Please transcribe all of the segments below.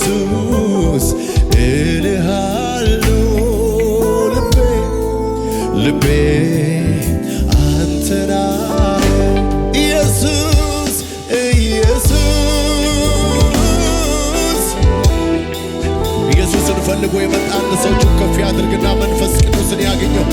ኢየሱስ እልሃለሁ ልቤ ልቤ አንተና ኢየሱስ ኢየሱስ ኢየሱስን ፈልጎ የመጣ አንድ ሰው ከፍ ያድርግና መንፈስ ቅዱስን ያገኘው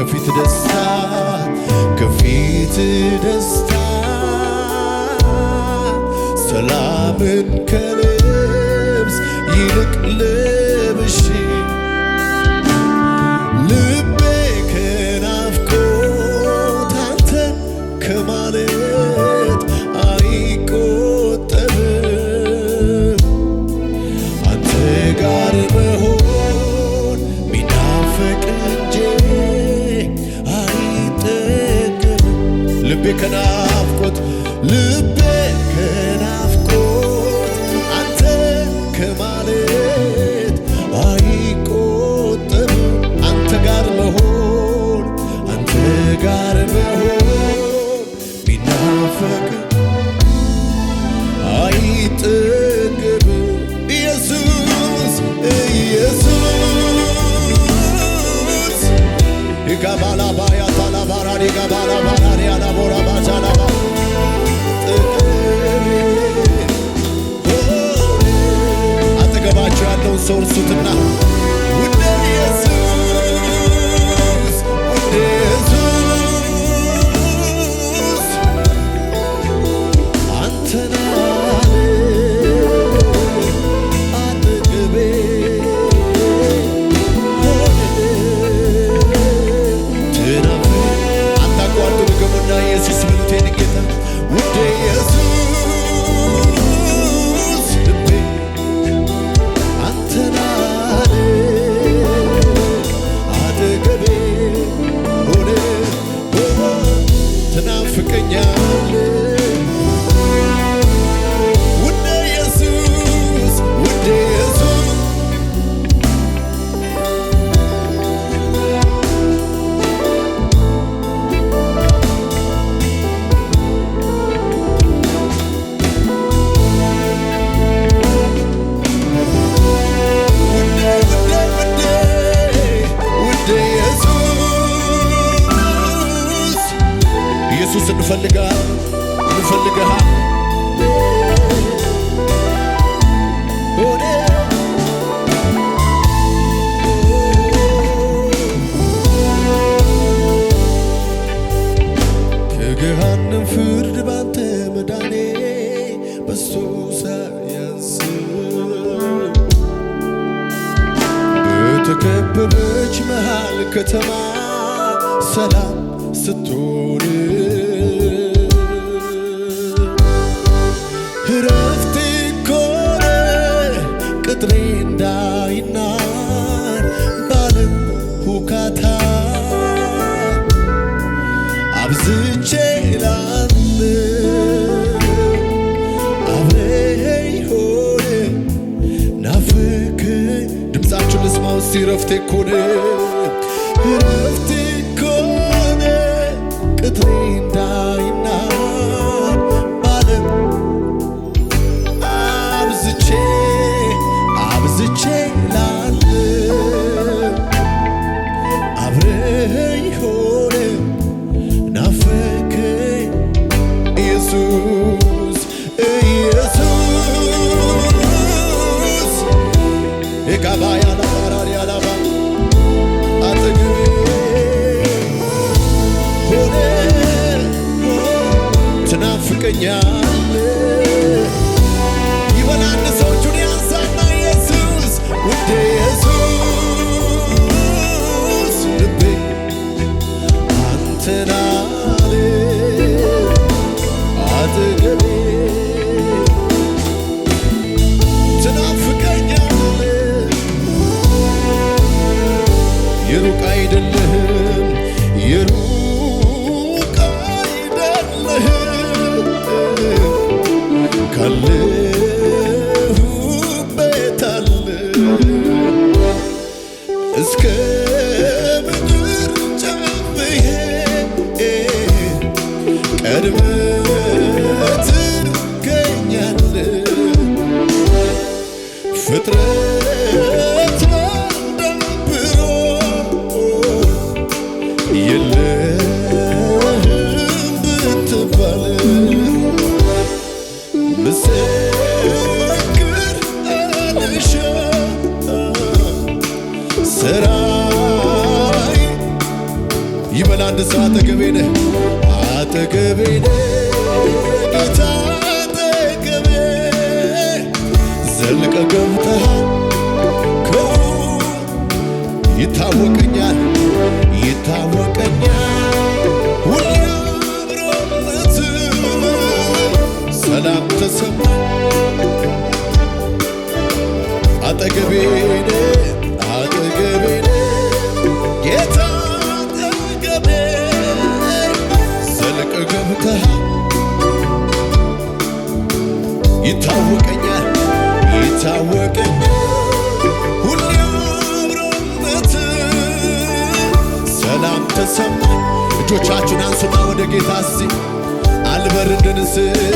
ከፊት ደስታ ከፊት ደስታ ሰላምን ከልብስ ይልቅ ልብሽ ከናፍቆት ልቤ ከናፍቆት አንተ ከማለት አይቆጠርም አንተ ጋር መሆን አንተ ጋር መሆን ቢናፈቅ አይጠግብ ኢየሱስ ኢየሱስ ይጋባላባያታላባራዲጋባላባ So of the ተከበበች መሃል ከተማ ሰላም ስትሆን سیرفته کنه Yeah. it. ወደ ጌታ ሲ አልበርድን ስል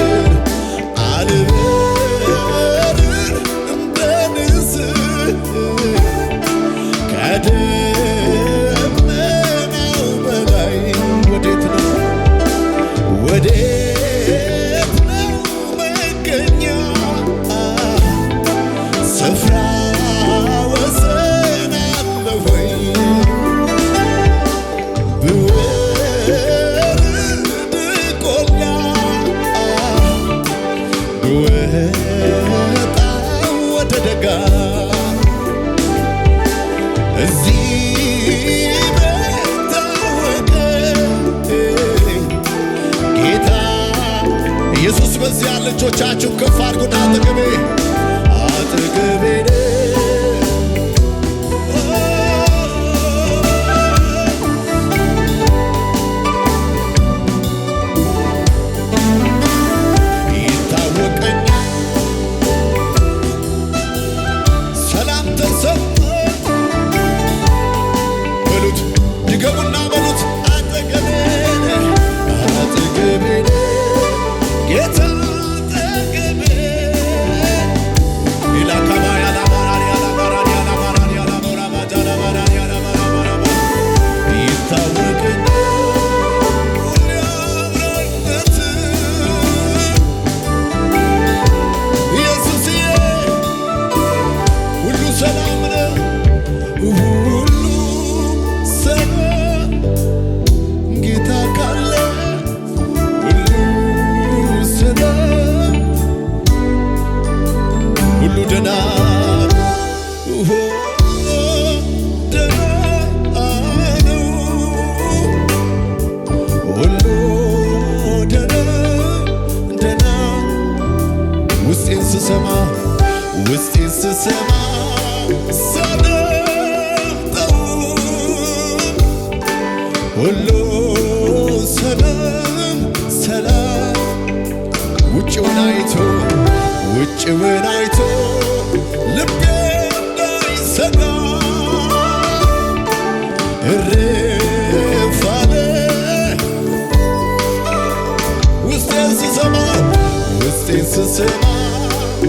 ድምፄን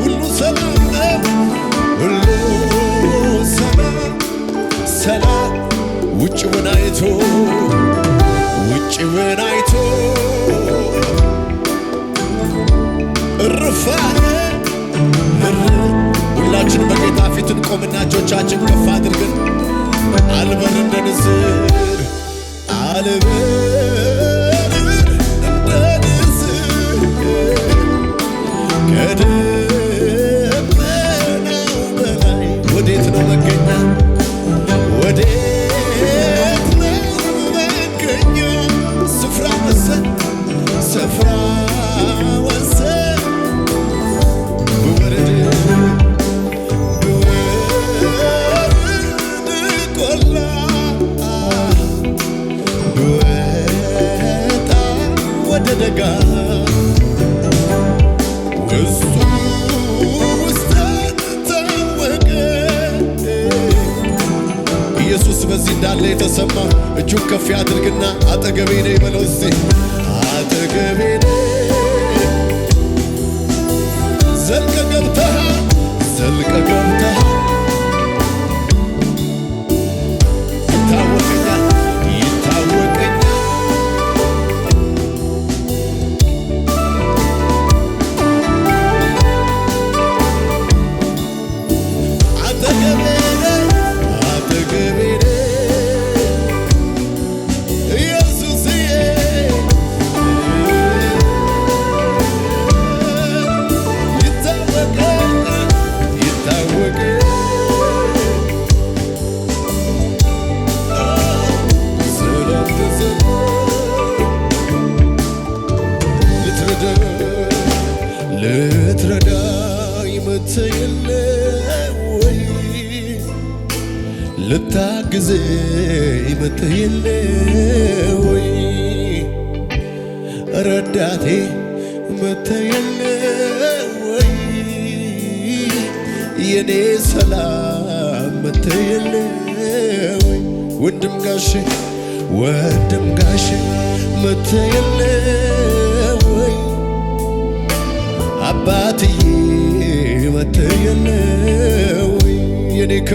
ሁሉ ሰላም ሁሉ ሰላም ሰላም ውጭውን አይቶ ውጭውን ሁላችን በጌታ ፊት እንቆምና እጆቻችን ከፍ አድርገን አልበን እንደ አልበን do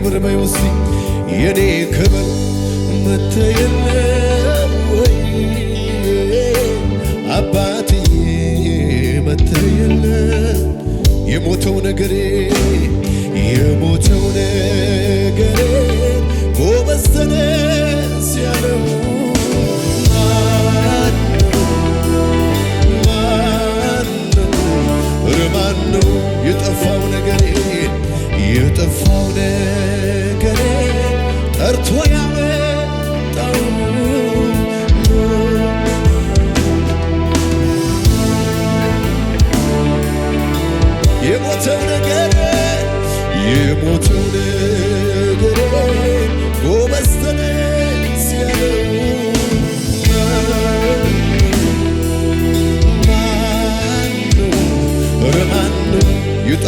ክብር በይወስ የኔ ክብር መተየለ ወይ አባትዬ መተየለ የሞተው ነገሬ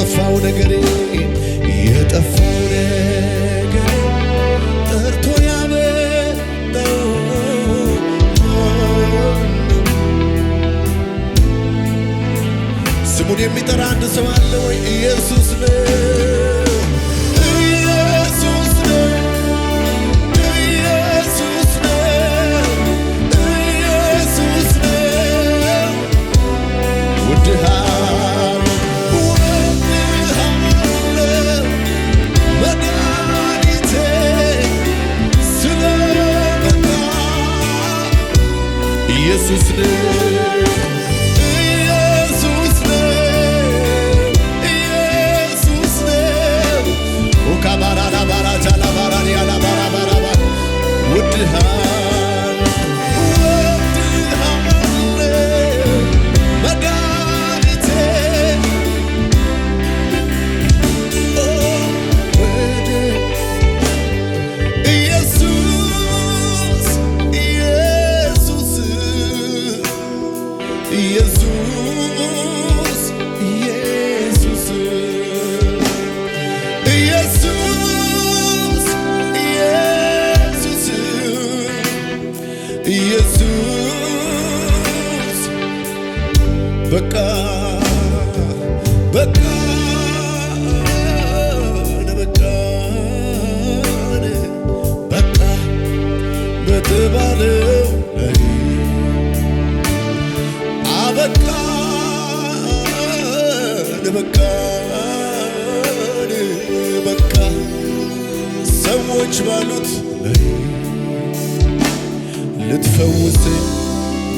I'm gonna fauna grega.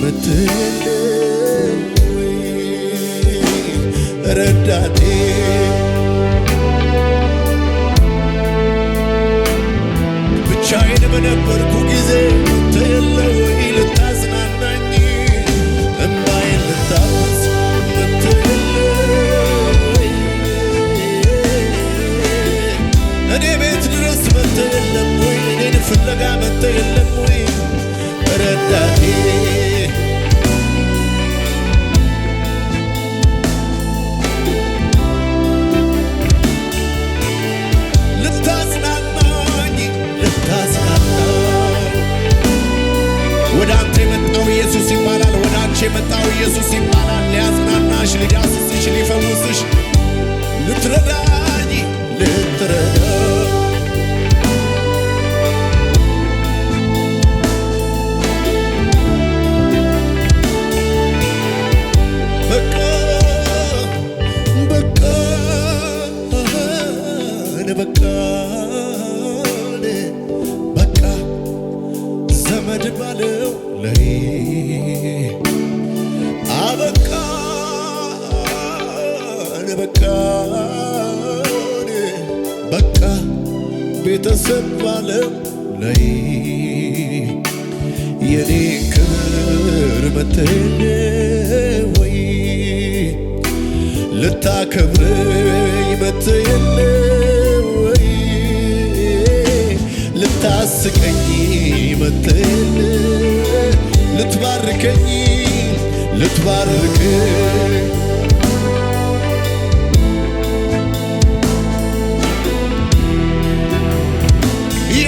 ምትል ረዳቴ ብቻዬን በነበርኩ ጊዜ ምትለወይ ልታዝናናኝ እምባዬን ልታብስ ምትል እኔ ቤት ድረስ መጥተህ የለም ወይ እኔን ፍለጋ መጥተህ የለም ወይ ረዳቴ የመጣው ኢየሱስ ይባላል። ሊያጽናናሽ፣ ሊዳስስሽ፣ ሊፈውስሽ ልትረዳኝ ልትረዳ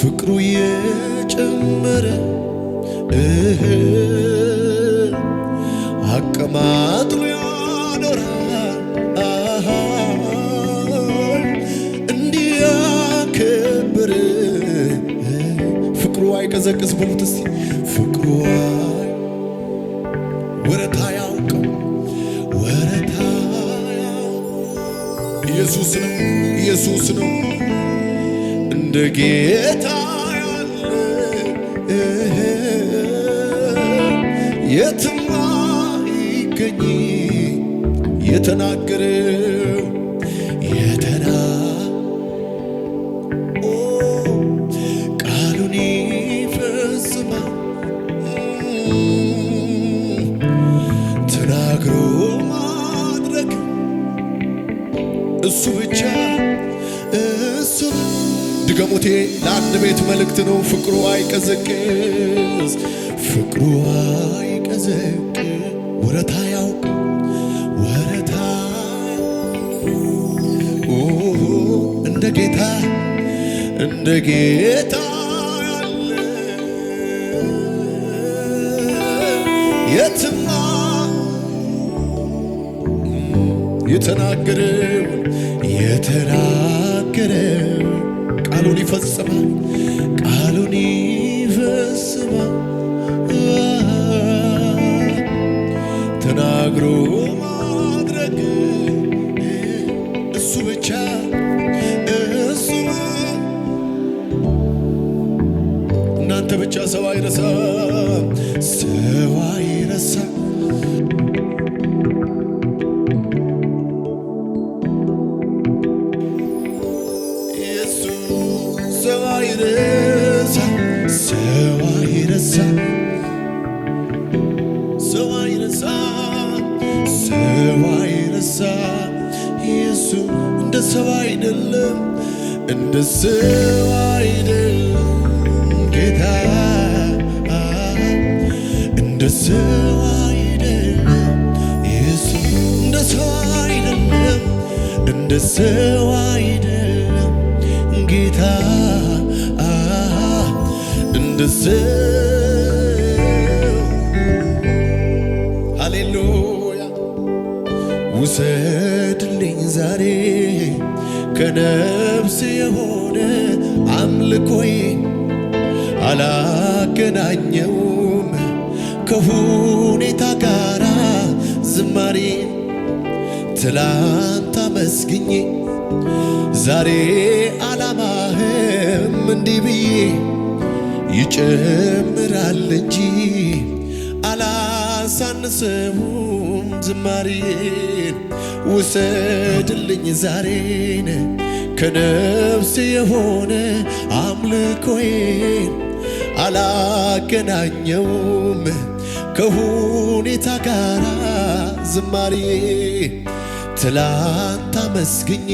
ፍቅሩ የጨመረ አቀማጥሎ ያኖራል እንዲያከብር ፍቅሩ አይቀዘቅዝ በሉት እስቲ ፍቅሩ ወረታ ያውቅም ወረታ ኢየሱስ ነው ኢየሱስ ነው እንደ ጌታ ያለ የትማ ይገኝ የተናገረ የተና ቃሉን ይፈጽማ ተናግሮ ማድረግ እሱ ብቻ እሱ ድገሙቴ ለአንድ ቤት መልእክት ነው። ፍቅሩ አይቀዘቅዝ፣ ፍቅሩ አይቀዘቅ ወረታ ያውቅ ወረታ እንደ ጌታ እንደ ጌታ የትማ የተናገረውን ቃሉን ይፈጽማል፣ ቃሉን ይፈጽማል። ተናግሮ ማድረግ እሱ ብቻ እሱ እናንተ ብቻ ሰው አይረሳም ሰው አላገናኘውም ከሁኔታ ጋራ ዝማሬ ትላንት አመስግኜ ዛሬ አላማህም እንዲህ ብዬ ይጨምራል እንጂ አላሳንስሙም ዝማሬን ውሰድልኝ ዛሬን ከነፍስ የሆነ አምልኮዬን አላገናኘውም ከሁኔታ ጋር ዝማሬ ትላንት አመስግኜ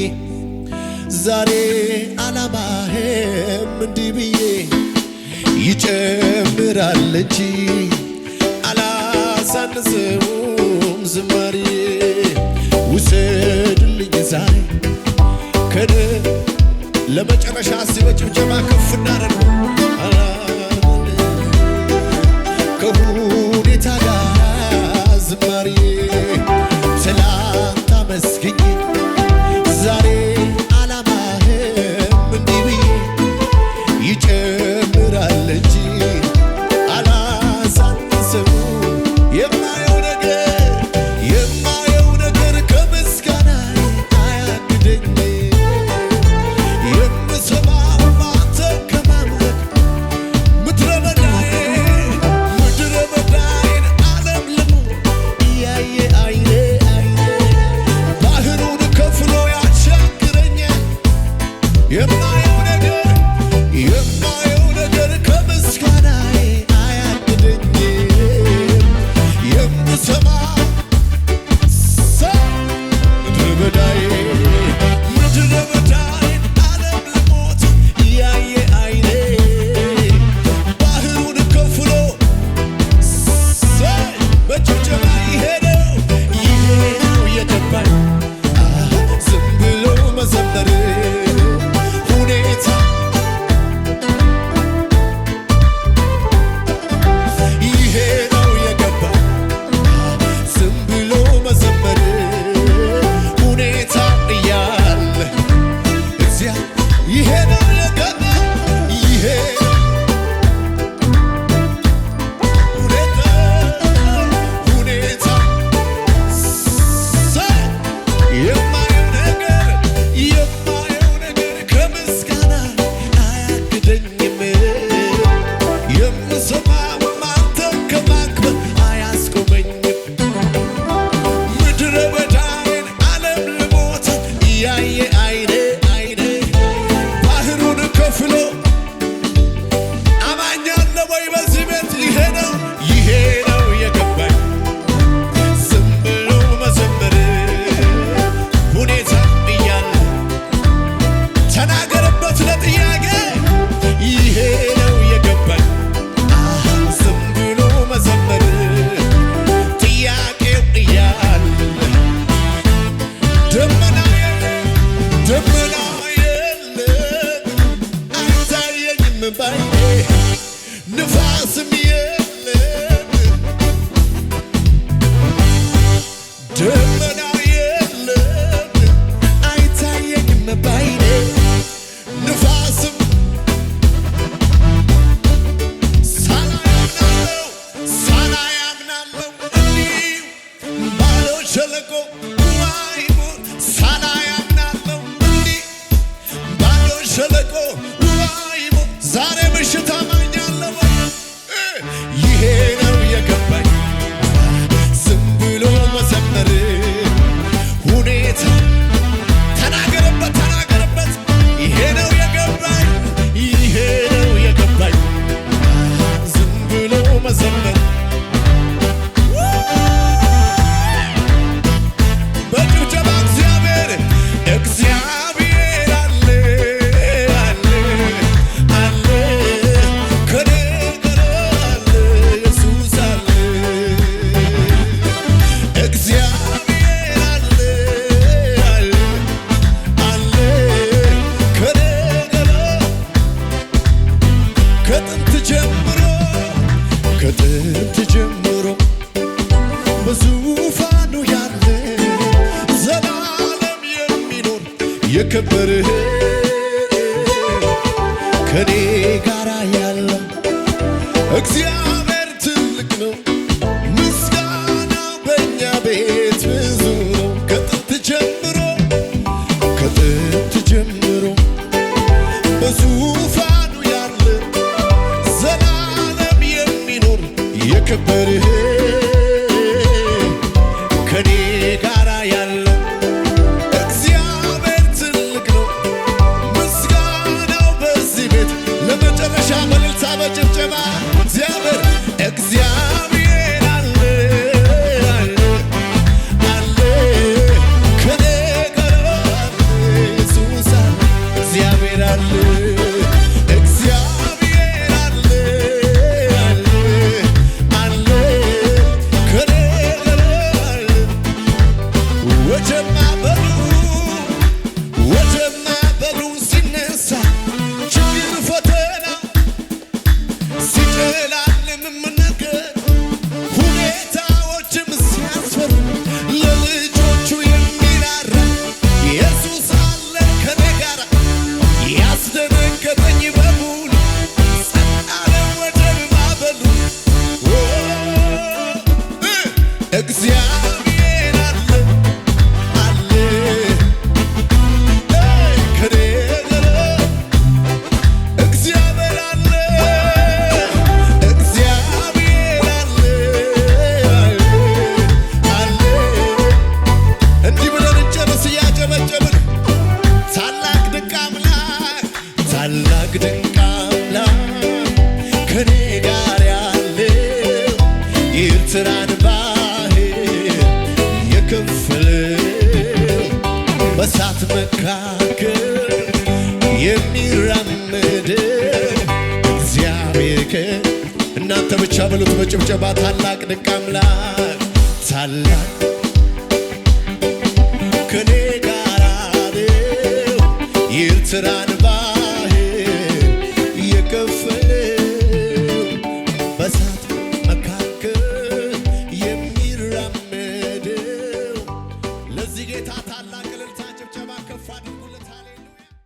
ዛሬ አላማሄም እንዲህ ብዬ ይጨምራል እንጂ ዝማሬ ውሰድልኝ ዛሬ ከነ ለመጨረሻ ሲበጭብጨባ ከፍ እናደርገው Who